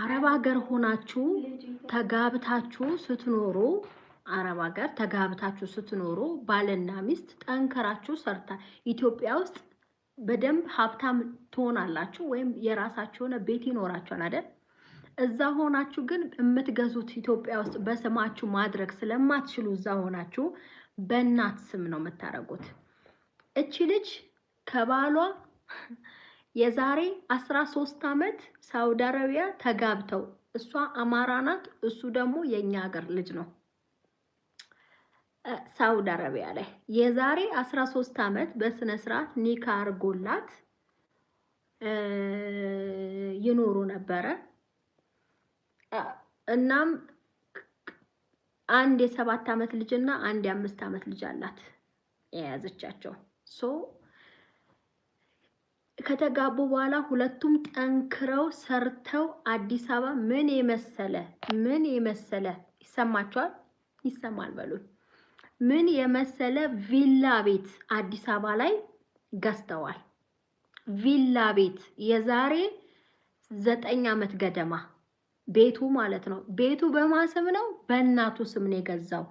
አረብ ሀገር ሆናችሁ ተጋብታችሁ ስትኖሩ አረብ ሀገር ተጋብታችሁ ስትኖሩ ባልና ሚስት ጠንከራችሁ ሰርታ ኢትዮጵያ ውስጥ በደንብ ሀብታም ትሆናላችሁ፣ ወይም የራሳችሁ የሆነ ቤት ይኖራችኋል አይደል? እዛ ሆናችሁ ግን የምትገዙት ኢትዮጵያ ውስጥ በስማችሁ ማድረግ ስለማትችሉ እዛ ሆናችሁ በእናት ስም ነው የምታደርጉት። እቺ ልጅ ከባሏ የዛሬ 13 አመት ሳውዲ አረቢያ ተጋብተው እሷ አማራ ናት፣ እሱ ደግሞ የኛ ሀገር ልጅ ነው። ሳውዲ አረቢያ ላይ የዛሬ 13 አመት በስነ ስርዓት ኒካ አርጎላት ይኖሩ ነበረ። እናም አንድ የሰባት ልጅ ልጅና አንድ የአምስት አመት ልጅ አላት የያዘቻቸው ሶ ከተጋቡ በኋላ ሁለቱም ጠንክረው ሰርተው አዲስ አበባ ምን የመሰለ ምን የመሰለ ይሰማቸዋል፣ ይሰማል በሉ ምን የመሰለ ቪላ ቤት አዲስ አበባ ላይ ገዝተዋል። ቪላ ቤት የዛሬ ዘጠኝ ዓመት ገደማ ቤቱ ማለት ነው። ቤቱ በማን ስም ነው? በእናቱ ስም ነው የገዛው።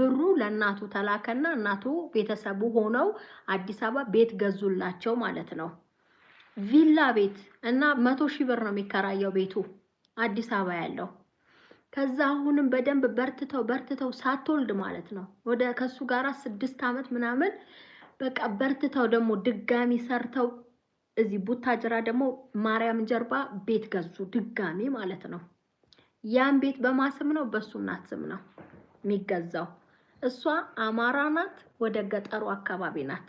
ብሩ ለእናቱ ተላከና እናቱ ቤተሰቡ ሆነው አዲስ አበባ ቤት ገዙላቸው ማለት ነው። ቪላ ቤት እና መቶ ሺህ ብር ነው የሚከራየው ቤቱ አዲስ አበባ ያለው። ከዛ አሁንም በደንብ በርትተው በርትተው ሳትወልድ ማለት ነው ወደ ከሱ ጋር ስድስት ዓመት ምናምን በቃ በርትተው ደግሞ ድጋሚ ሰርተው እዚህ ቡታጅራ ደግሞ ማርያም ጀርባ ቤት ገዙ ድጋሚ ማለት ነው። ያን ቤት በማስም ነው በሱ እናት ስም ነው የሚገዛው። እሷ አማራ ናት፣ ወደ ገጠሩ አካባቢ ናት።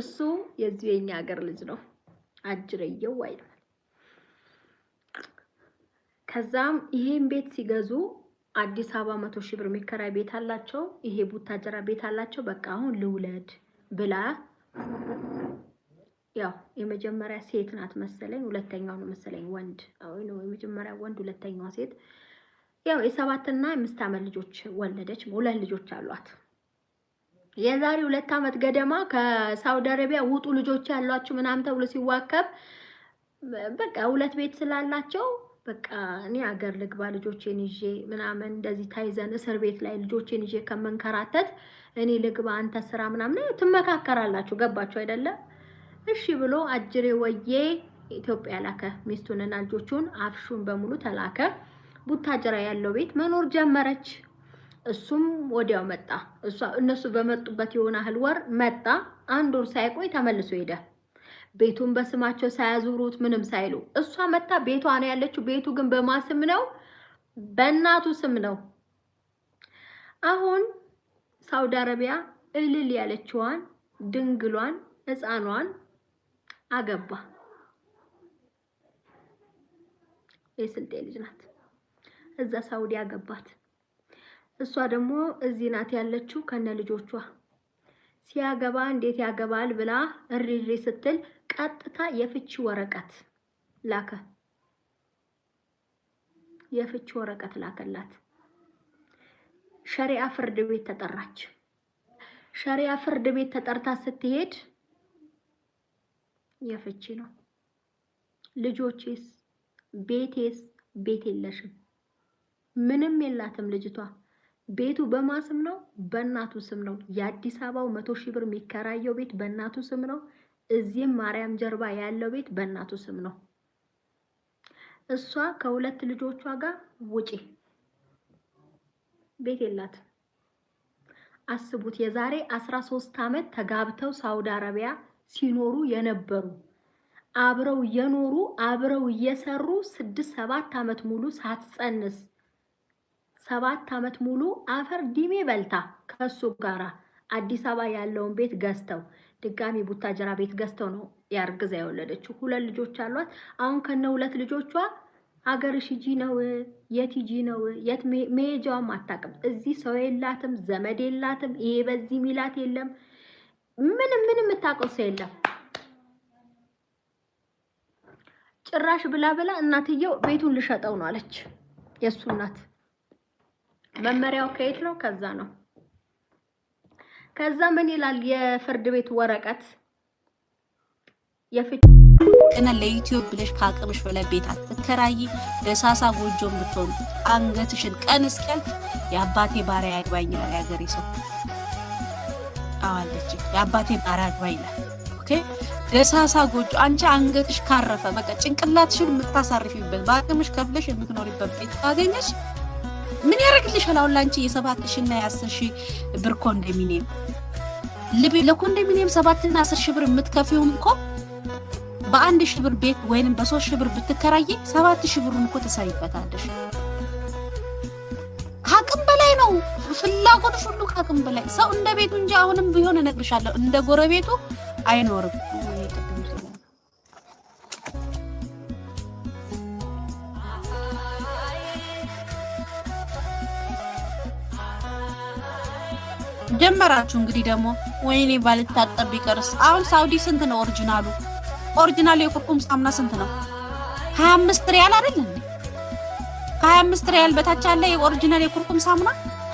እሱ የዚህ የኛ ሀገር ልጅ ነው። አጅረየው አይደል። ከዛም ይሄን ቤት ሲገዙ አዲስ አበባ መቶ ሺህ ብር የሚከራይ ቤት አላቸው፣ ይሄ ቡታጀራ ቤት አላቸው። በቃ አሁን ልውለድ ብላ ያው የመጀመሪያ ሴት ናት መሰለኝ፣ ሁለተኛው ነው መሰለኝ ወንድ ነው የመጀመሪያ ወንድ፣ ሁለተኛዋ ሴት። ያው የሰባትና የአምስት ዓመት ልጆች ወለደች። ሁለት ልጆች አሏት። የዛሬ ሁለት ዓመት ገደማ ከሳውዲ አረቢያ ውጡ ልጆች ያሏችሁ ምናምን ተብሎ ሲዋከብ በቃ ሁለት ቤት ስላላቸው በቃ እኔ አገር ልግባ ልጆቼን ይዤ ምናምን እንደዚህ ታይዘን እስር ቤት ላይ ልጆቼን ይዤ ከመንከራተት እኔ ልግባ አንተ ስራ ምናምን ትመካከራላችሁ። ገባችሁ አይደለም? እሺ ብሎ አጅሬ ወዬ ኢትዮጵያ ላከ። ሚስቱንና ልጆቹን አፍሹን በሙሉ ተላከ። ቡታጅራ ያለው ቤት መኖር ጀመረች። እሱም ወዲያው መጣ። እሷ እነሱ በመጡበት የሆነ ያህል ወር መጣ። አንድ ወር ሳይቆይ ተመልሶ ሄደ። ቤቱን በስማቸው ሳያዙሩት ምንም ሳይሉ እሷ መጣ ቤቷ ነው ያለችው። ቤቱ ግን በማ ስም ነው? በእናቱ ስም ነው። አሁን ሳውዲ አረቢያ እልል ያለችዋን ድንግሏን ህፃኗን አገባ። የስልጤ ልጅ ናት። እዛ ሳውዲ አገባት። እሷ ደግሞ እዚህ ናት ያለችው ከነ ልጆቿ። ሲያገባ እንዴት ያገባል ብላ እሪሪ ስትል ቀጥታ የፍቺ ወረቀት ላከ። የፍቺ ወረቀት ላከላት። ሸሪያ ፍርድ ቤት ተጠራች። ሸሪያ ፍርድ ቤት ተጠርታ ስትሄድ የፍቺ ነው። ልጆቼስ፣ ቤቴስ፣ ቤት የለሽም ምንም የላትም ልጅቷ ቤቱ በማ ስም ነው? በእናቱ ስም ነው። የአዲስ አበባው መቶ ሺህ ብር የሚከራየው ቤት በእናቱ ስም ነው። እዚህም ማርያም ጀርባ ያለው ቤት በእናቱ ስም ነው። እሷ ከሁለት ልጆቿ ጋር ውጪ ቤት የላት። አስቡት የዛሬ አስራ ሶስት ዓመት ተጋብተው ሳውዲ አረቢያ ሲኖሩ የነበሩ አብረው እየኖሩ አብረው እየሰሩ ስድስት ሰባት ዓመት ሙሉ ሳትጸንስ ሰባት ዓመት ሙሉ አፈር ዲሜ በልታ ከሱ ጋራ አዲስ አበባ ያለውን ቤት ገዝተው ድጋሚ ቡታጀራ ቤት ገዝተው ነው ያርግዛ የወለደችው። ሁለት ልጆች አሏት። አሁን ከነ ሁለት ልጆቿ ሀገርሽ ሂጂ ነው የት ሂጂ ነው የት መሄጃዋም አታውቅም። እዚህ ሰው የላትም፣ ዘመድ የላትም፣ ይሄ በዚህ ሚላት የለም፣ ምንም ምንም የምታውቀው ሰው የለም። ጭራሽ ብላ ብላ እናትየው ቤቱን ልሸጠው ነው አለች የእሱ እናት። መመሪያው ከየት ነው? ከዛ ነው። ከዛ ምን ይላል? የፍርድ ቤት ወረቀት የፍች እና ለዩቲዩብ ብለሽ ከአቅምሽ በላይ ቤት አትከራይ። ደሳሳ ጎጆ ብትሆን አንገትሽን ቀን እስኪያልፍ የአባቴ ባሪያ ያግባኝ ይላል ያገሬ ሰው። አዋለች የአባቴ ባሪያ ያግባኝ ይላል። ኦኬ ደሳሳ ጎጆ አንቺ አንገትሽ ካረፈ በቃ ጭንቅላትሽን የምታሳርፊበት በአቅምሽ ከፍለሽ የምትኖሪበት ቤት ካገኘሽ ምን ያደርግልሻል? አሁን ላንቺ የሰባት ሺ እና የአስር ሺ ብር ኮንዶሚኒየም ልቤ ለኮንዶሚኒየም ሰባትና አስር ሺ ብር የምትከፊውም እኮ በአንድ ሺ ብር ቤት ወይንም በሶስት ሺ ብር ብትከራይ ሰባት ሺ ብሩን እኮ ተሰሪበታለሽ። ከአቅም በላይ ነው ፍላጎትሽ ሁሉ ከአቅም በላይ ሰው እንደ ቤቱ እንጂ አሁንም ቢሆን እነግርሻለሁ እንደ ጎረቤቱ አይኖርም። ጀመራችሁ እንግዲህ ደግሞ ወይኔ ባልታጠብ ቢቀርስ። አሁን ሳውዲ ስንት ነው ኦሪጂናሉ? ኦሪጂናሉ የኩርኩም ሳሙና ስንት ነው? 25 ሪያል አይደል እንዴ? ከ25 ሪያል በታች ያለ የኦሪጂናል የኩርኩም ሳሙና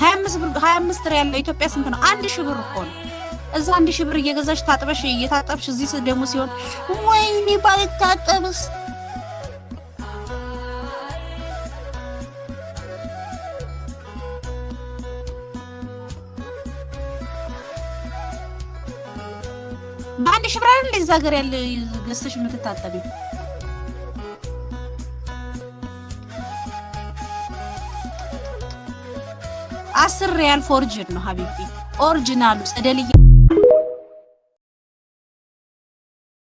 25 ብር 25 ሪያል ለኢትዮጵያ ስንት ነው? አንድ ሺህ ብር እኮ ነው። እዛ አንድ ሺህ ብር እየገዛሽ ታጥበሽ እየታጠብሽ እዚህ ደግሞ ሲሆን ወይኔ ባልታጠብስ በአንድ ሺህ ብር እንደ እዛ ሀገር ያለ ገዝተሽ የምትታጠቢ አስር ሪያል ፎርጅን ነው ሀቢቢ ኦሪጂናሉ ጸደልያ